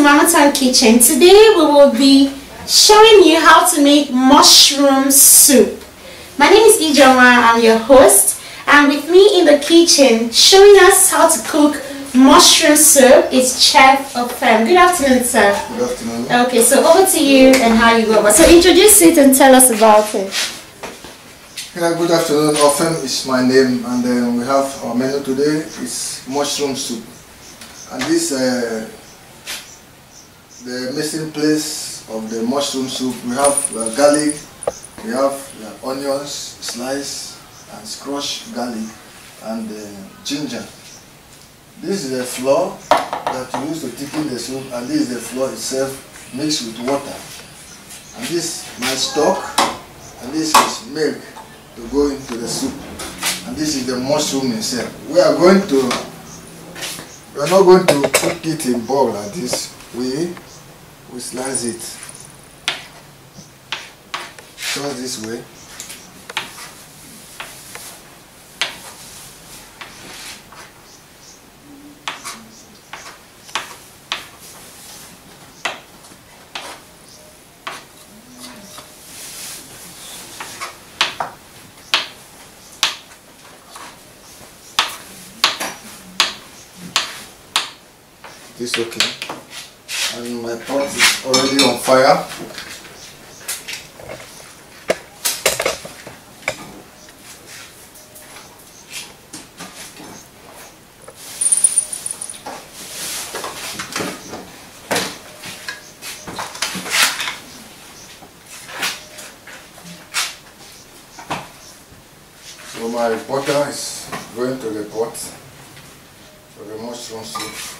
to Mama Time Kitchen. Today we will be showing you how to make mushroom soup. My name is Ijoma, I'm your host and with me in the kitchen showing us how to cook mushroom soup is Chef Ofem. Good afternoon sir. Good afternoon. Okay so over to you and how you go about So introduce it and tell us about it. Yeah, good afternoon. Ofem is my name and then uh, we have our menu today is mushroom soup. And this uh, the missing place of the mushroom soup. We have uh, garlic, we have uh, onions, slice and crushed garlic and uh, ginger. This is the flour that we use to thicken the soup and this is the flour itself mixed with water. And this is my stock and this is milk to go into the soup. And this is the mushroom itself. We are going to, we are not going to cook it in bowl like this. We we slice it just this way This okay and my pot is already on fire. So my butter is going to the pot for the mushroom soup.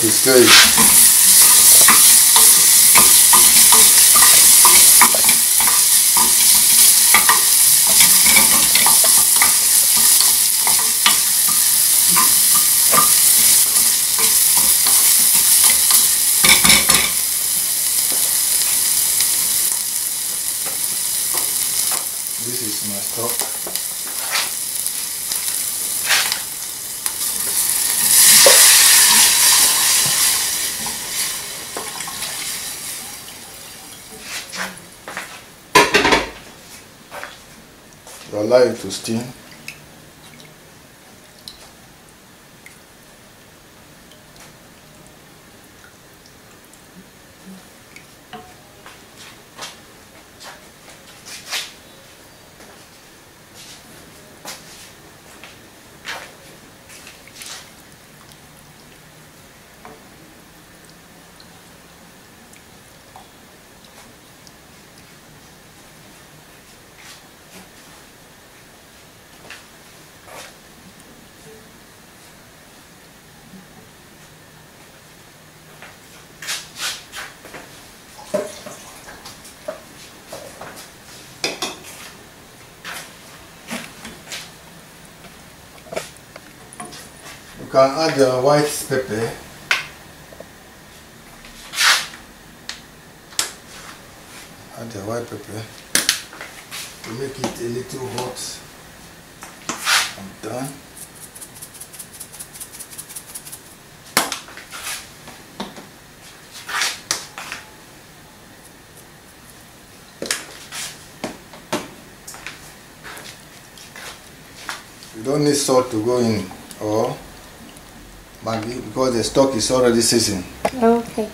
This is my stock. for life to steal add the white pepper add the white pepper to make it a little hot I'm done you don't need salt to go in or because the stock is already seasoned. Okay.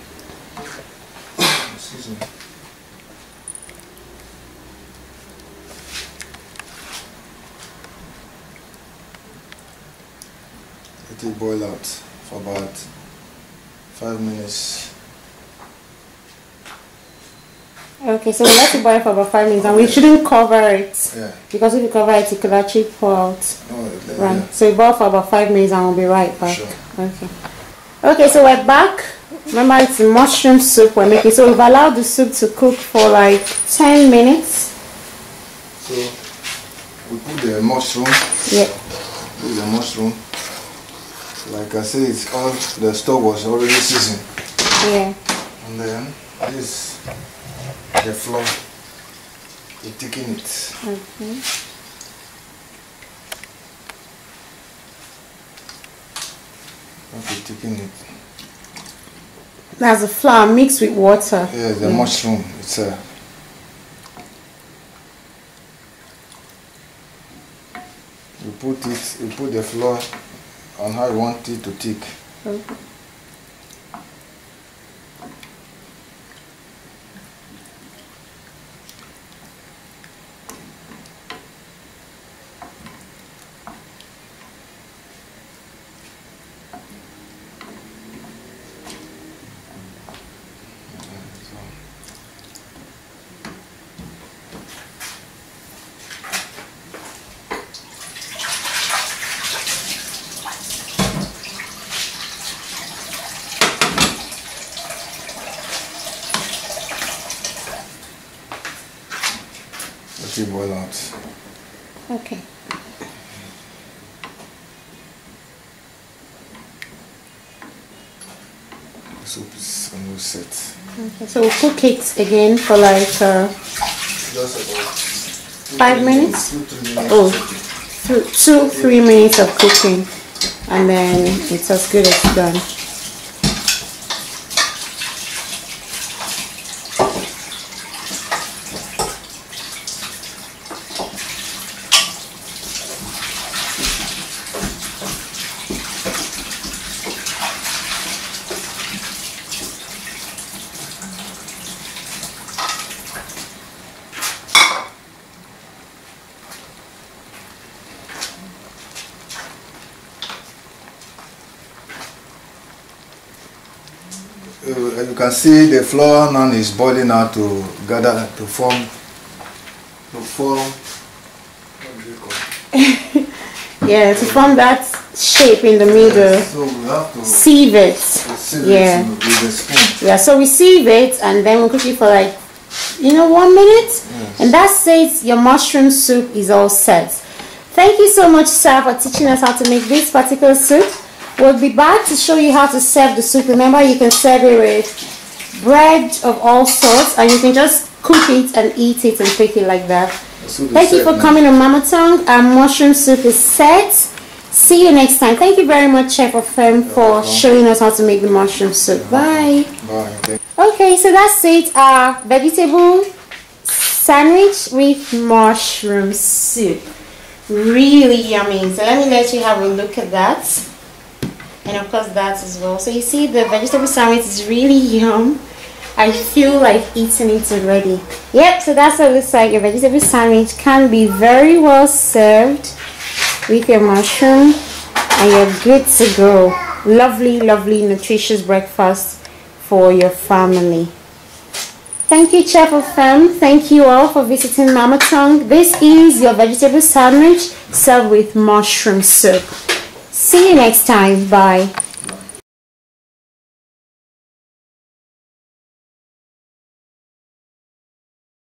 seasoned. Let it boil out for about five minutes. Okay, so we have to buy for about five minutes, and we shouldn't cover it. Yeah. Because if you cover it, it could actually pour out. Oh, yeah, right. Yeah. So we boil for about five minutes, and we'll be right back. Sure. Okay. Okay, so we're back. Remember, it's mushroom soup we're making. So we've allowed the soup to cook for like ten minutes. So we put the mushroom. Yeah. Put the mushroom. Like I said, it's all the stock was already seasoned. Yeah. And then this the flour. You're taking it. Mm -hmm. Okay, taking it. That's the flour mixed with water. Yeah, the mm. mushroom. It's a. You put it. You put the flour on how you want it to thick. Okay. to boil out. Okay. soup is almost set. Okay, so we'll cook it again for like uh, five minutes? minutes? Oh, minutes of cooking, and then it's as good as done. uh, you can see the flour now is boiling now to gather to form to form yeah to form that shape in the middle yes, so we have to sieve it sieve yeah it with spoon. yeah so we sieve it and then we cook it for like you know one minute yes. and that says your mushroom soup is all set thank you so much sir for teaching us how to make this particular soup We'll be back to show you how to serve the soup. Remember, you can serve it with bread of all sorts, and you can just cook it and eat it and pick it like that. Thank you for coming on Mama Tongue. Our mushroom soup is set. See you next time. Thank you very much, Chef Ofem, for showing us how to make the mushroom soup. Bye. Bye. Okay, so that's it. Our vegetable sandwich with mushroom soup. Really yummy. So let me let you have a look at that and of course that as well. So you see the vegetable sandwich is really yum. I feel like eating it already. Yep, so that's what it looks like. A vegetable sandwich can be very well served with your mushroom and you're good to go. Lovely, lovely, nutritious breakfast for your family. Thank you, Chef of Fam. Thank you all for visiting Mama Tongue. This is your vegetable sandwich served with mushroom soup. See you next time. Bye.